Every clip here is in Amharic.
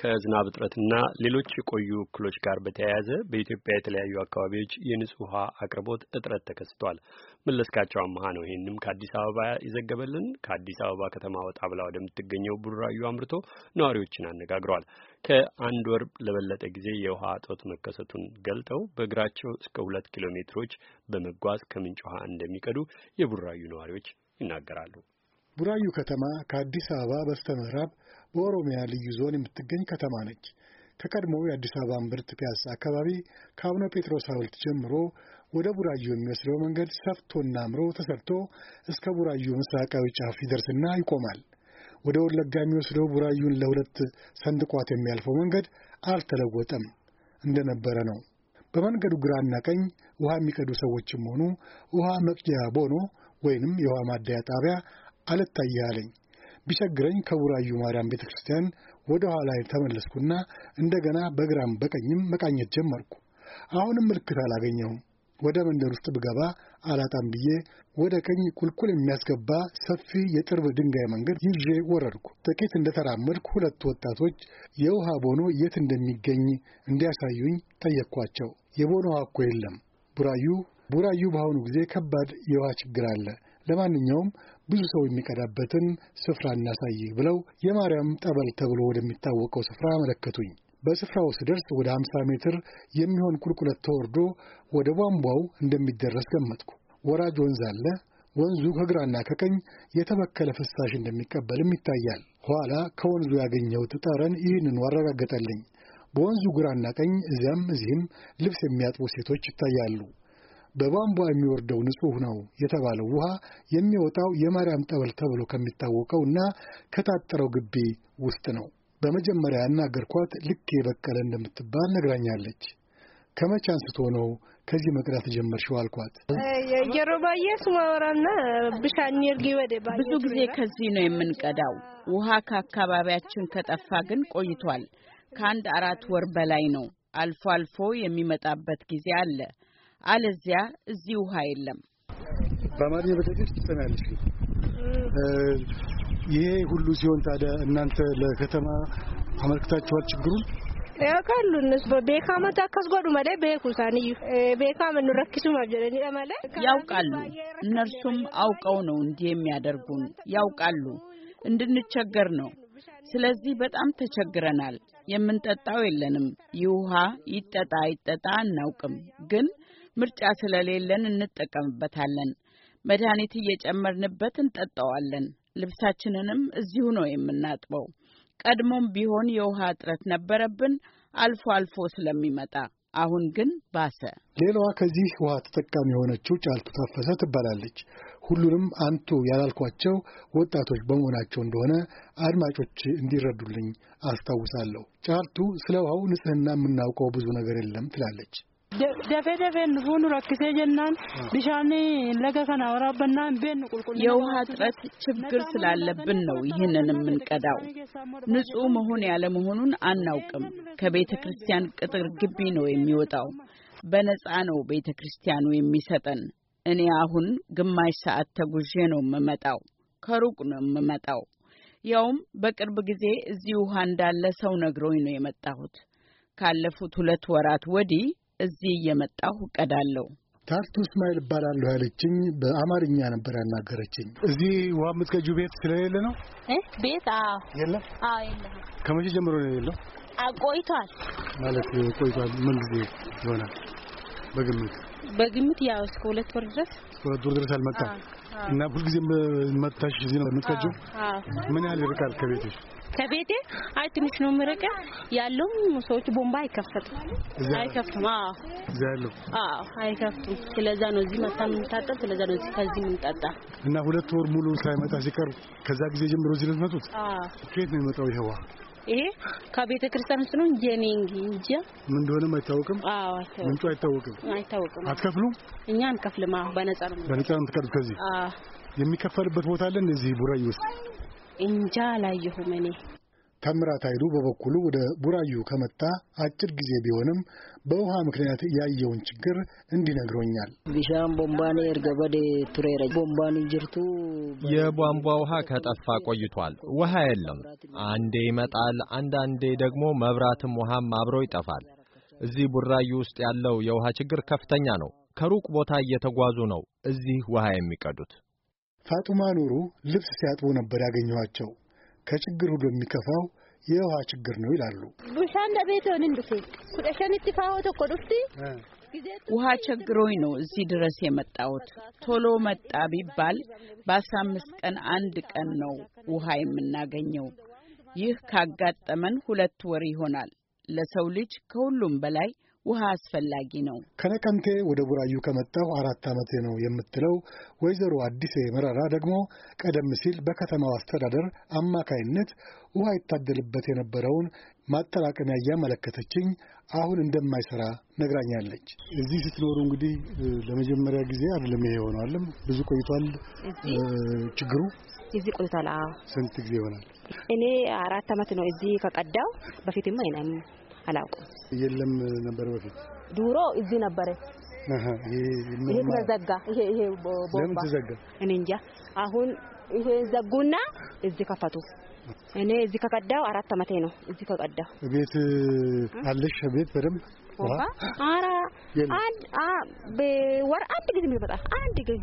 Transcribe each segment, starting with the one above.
ከዝናብ እጥረትና ሌሎች የቆዩ እክሎች ጋር በተያያዘ በኢትዮጵያ የተለያዩ አካባቢዎች የንጹህ ውሃ አቅርቦት እጥረት ተከስቷል። መለስካቸው አመሃ ነው ይህንም ከአዲስ አበባ የዘገበልን። ከአዲስ አበባ ከተማ ወጣ ብላ ወደምትገኘው ቡራዩ አምርቶ ነዋሪዎችን አነጋግሯል። ከአንድ ወር ለበለጠ ጊዜ የውሃ እጦት መከሰቱን ገልጠው በእግራቸው እስከ ሁለት ኪሎ ሜትሮች በመጓዝ ከምንጭ ውሃ እንደሚቀዱ የቡራዩ ነዋሪዎች ይናገራሉ። ቡራዩ ከተማ ከአዲስ አበባ በስተ ምዕራብ በኦሮሚያ ልዩ ዞን የምትገኝ ከተማ ነች። ከቀድሞው የአዲስ አበባ እምብርት ፒያሳ አካባቢ ከአቡነ ጴጥሮስ ሐውልት ጀምሮ ወደ ቡራዩ የሚወስደው መንገድ ሰፍቶና አምሮ ተሰርቶ እስከ ቡራዩ ምስራቃዊ ጫፍ ይደርስና ይቆማል። ወደ ወለጋ የሚወስደው ቡራዩን ለሁለት ሰንድቋት የሚያልፈው መንገድ አልተለወጠም፣ እንደነበረ ነው። በመንገዱ ግራና ቀኝ ውሃ የሚቀዱ ሰዎችም ሆኑ ውሃ መቅጃ ቦኖ ወይንም የውሃ ማደያ ጣቢያ አልታያለኝ። ቢቸግረኝ ከቡራዩ ማርያም ቤተ ክርስቲያን ወደ ኋላ ተመለስኩና እንደገና በግራም በቀኝም መቃኘት ጀመርኩ። አሁንም ምልክት አላገኘው ወደ መንደር ውስጥ ብገባ አላጣም ብዬ ወደ ቀኝ ቁልቁል የሚያስገባ ሰፊ የጥርብ ድንጋይ መንገድ ይዤ ወረድኩ። ጥቂት እንደተራመድኩ ሁለት ወጣቶች የውሃ ቦኖ የት እንደሚገኝ እንዲያሳዩኝ ጠየቅኳቸው። የቦኖ ውሃ እኮ የለም ቡራዩ ቡራዩ በአሁኑ ጊዜ ከባድ የውሃ ችግር አለ። ለማንኛውም ብዙ ሰው የሚቀዳበትን ስፍራ እናሳይ ብለው የማርያም ጠበል ተብሎ ወደሚታወቀው ስፍራ አመለከቱኝ። በስፍራው ስደርስ ወደ 50 ሜትር የሚሆን ቁልቁለት ተወርዶ ወደ ቧንቧው እንደሚደረስ ገመጥኩ። ወራጅ ወንዝ አለ። ወንዙ ከግራና ከቀኝ የተበከለ ፍሳሽ እንደሚቀበልም ይታያል። ኋላ ከወንዙ ያገኘሁት ጠረን ይህንኑ አረጋገጠልኝ። በወንዙ ግራና ቀኝ እዚያም እዚህም ልብስ የሚያጥቡ ሴቶች ይታያሉ። በቧንቧ የሚወርደው ንጹህ ነው የተባለው ውሃ የሚወጣው የማርያም ጠበል ተብሎ ከሚታወቀው እና ከታጠረው ግቢ ውስጥ ነው። በመጀመሪያ ያናገርኳት ልኬ በቀለ እንደምትባል ነግራኛለች። ከመቼ አንስቶ ነው ከዚህ መቅዳት ጀመርሽው? አልኳት። ብዙ ጊዜ ከዚህ ነው የምንቀዳው። ውሃ ከአካባቢያችን ከጠፋ ግን ቆይቷል። ከአንድ አራት ወር በላይ ነው። አልፎ አልፎ የሚመጣበት ጊዜ አለ። አለዚያ እዚህ ውሃ የለም። በአማርኛ በተግስ ትጸናለሽ። ይሄ ሁሉ ሲሆን ታዲያ እናንተ ለከተማ አመልክታችኋል ችግሩን? ያካሉ እነሱ በቤካ በቤካመት አካስጓዱ መለ በኩሳኒ ምን ረክሱ ማጀረኒ ለማለ ያውቃሉ። እነርሱም አውቀው ነው እንዲህ የሚያደርጉን ያውቃሉ። እንድንቸገር ነው። ስለዚህ በጣም ተቸግረናል። የምንጠጣው የለንም። ይውሃ ውሃ ይጠጣ ይጠጣ አናውቅም፣ ግን ምርጫ ስለሌለን እንጠቀምበታለን። መድኃኒት እየጨመርንበት እንጠጣዋለን። ልብሳችንንም እዚሁ ነው የምናጥበው። ቀድሞም ቢሆን የውሃ እጥረት ነበረብን አልፎ አልፎ ስለሚመጣ አሁን ግን ባሰ። ሌላዋ ከዚህ ውሃ ተጠቃሚ የሆነችው ጫልቱ ታፈሰ ትባላለች። ሁሉንም አንቱ ያላልኳቸው ወጣቶች በመሆናቸው እንደሆነ አድማጮች እንዲረዱልኝ አስታውሳለሁ። ጫልቱ ስለ ውሃው ንጽህና የምናውቀው ብዙ ነገር የለም ትላለች። ደፌ ደፌ ፉኑ ረክሴ ጀናን ቢሻኒ ለገ ከና ወራበና ቤን ቁልቁል የውሃ እጥረት ችግር ስላለብን ነው ይህንን የምንቀዳው። ንጹህ መሆን ያለ መሆኑን አናውቅም። ከቤተ ክርስቲያን ቅጥር ግቢ ነው የሚወጣው። በነፃ ነው ቤተ ክርስቲያኑ የሚሰጠን። እኔ አሁን ግማሽ ሰዓት ተጉዤ ነው የምመጣው። ከሩቅ ነው የምመጣው። ያውም በቅርብ ጊዜ እዚህ ውሃ እንዳለ ሰው ነግሮኝ ነው የመጣሁት። ካለፉት ሁለት ወራት ወዲህ እዚህ እየመጣሁ እቀዳለሁ። ታርቱ እስማኤል እባላለሁ ያለችኝ በአማርኛ ነበር ያናገረችኝ። እዚህ ውሃ የምትቀጁ ቤት ስለሌለ ነው ቤት የለም። ከመቼ ጀምሮ ነው የሌለው? ቆይቷል ማለት ቆይቷል። ምን ጊዜ ይሆናል? በግምት በግምት ያው እስከ ሁለት ወር ድረስ እስከ ሁለት ወር ድረስ አልመጣም እና ሁልጊዜ መታሽ እዚህ ነው የምትቀጁ? ምን ያህል ይርቃል ከቤትሽ? ከቤቴ አይ ትንሽ ነው ምረቀ ያለው ሰዎች ቦምባ አይከፈቱም አይከፍቱም። አዎ እዛ ያለው አዎ አይከፍቱም። ስለዛ ነው እዚህ መጣ የምንታጠብ ስለዛ ነው እዚህ ከዚህ የምንጠጣ እና ሁለት ወር ሙሉ ሳይመጣ ሲቀር ከዛ ጊዜ ጀምሮ እዚህ ነው የምትመጡት? አዎ ከየት ነው የመጣው ይሄዋ ይሄ ከቤተ ክርስቲያን ውስጥ ነው ጄኒንግ እንጂ ምን እንደሆነም አይታወቅም። አዎ አይታወቅም፣ ምንጩ አይታወቅም፣ አይታወቅም። አትከፍሉም? እኛ አንከፍልም። አዎ በነፃ ነው፣ በነፃ ነው የምትቀዱት ከዚህ። አዎ የሚከፈልበት ቦታ አለ እዚህ ቡራዩ ውስጥ እንጃ አላየሁም እኔ። ተምራት ኃይሉ በበኩሉ ወደ ቡራዩ ከመጣ አጭር ጊዜ ቢሆንም በውሃ ምክንያት ያየውን ችግር እንዲነግሮኛል። ቢሻን ቦምባኔ እርገበድ ቱሬረ ቦምባን ጅርቱ የቧንቧ ውሃ ከጠፋ ቆይቷል። ውሃ የለም። አንዴ ይመጣል፣ አንዳንዴ ደግሞ መብራትም ውሃም አብሮ ይጠፋል። እዚህ ቡራዩ ውስጥ ያለው የውሃ ችግር ከፍተኛ ነው። ከሩቅ ቦታ እየተጓዙ ነው እዚህ ውሃ የሚቀዱት። ፋጡማ ኑሩ ልብስ ሲያጥቡ ነበር ያገኘኋቸው። ከችግር ሁሉ የሚከፋው የውሃ ችግር ነው ይላሉ። ውሃ ቸግሮኝ ነው እዚህ ድረስ የመጣሁት። ቶሎ መጣ ቢባል በአስራ አምስት ቀን አንድ ቀን ነው ውሃ የምናገኘው። ይህ ካጋጠመን ሁለት ወር ይሆናል። ለሰው ልጅ ከሁሉም በላይ ውሃ አስፈላጊ ነው። ከነቀምቴ ወደ ቡራዩ ከመጣሁ አራት ዓመቴ ነው የምትለው ወይዘሮ አዲሴ መረራ ደግሞ ቀደም ሲል በከተማው አስተዳደር አማካይነት ውሃ ይታደልበት የነበረውን ማጠራቀሚያ እያመለከተችኝ አሁን እንደማይሰራ ነግራኛለች። እዚህ ስትኖሩ እንግዲህ ለመጀመሪያ ጊዜ አይደለም ይሄ የሆነዋለም ብዙ ቆይቷል። ችግሩ እዚህ ቆይቷል። ስንት ጊዜ ይሆናል? እኔ አራት ዓመት ነው እዚህ ከቀዳው በፊትም አይናኝ አላውቅም። የለም ነበር በፊት ድሮ እዚህ ነበረ። ይሄ ተዘጋ። ይሄ ይሄ ቦምባ እኔ እንጃ። አሁን ይሄ ዘጉና እዚህ ከፈቱ። እኔ እዚህ ከቀዳው አራት አመቴ ነው። እዚህ ከቀዳው ቤት አለሽ? ቤት በደምብ ውሃ ኧረ አንድ በወር አንድ ጊዜ የምትመጣ አንድ ጊዜ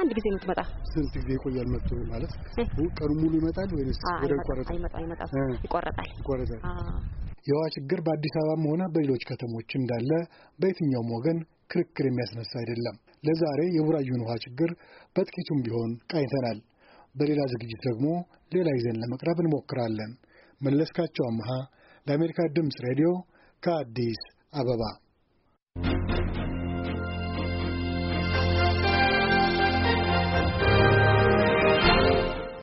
አንድ ጊዜ የምትመጣ። ስንት ጊዜ ይቆያል መጥቶ ማለት? ቀኑ ሙሉ ይመጣል ወይስ ይቆረጣል? ይቆረጣል። የውሃ ችግር በአዲስ አበባም ሆነ በሌሎች ከተሞች እንዳለ በየትኛውም ወገን ክርክር የሚያስነሳ አይደለም። ለዛሬ የቡራዩን ውሃ ችግር በጥቂቱም ቢሆን ቃኝተናል። በሌላ ዝግጅት ደግሞ ሌላ ይዘን ለመቅረብ እንሞክራለን። መለስካቸው አምሃ ለአሜሪካ ድምፅ ሬዲዮ ከአዲስ አበባ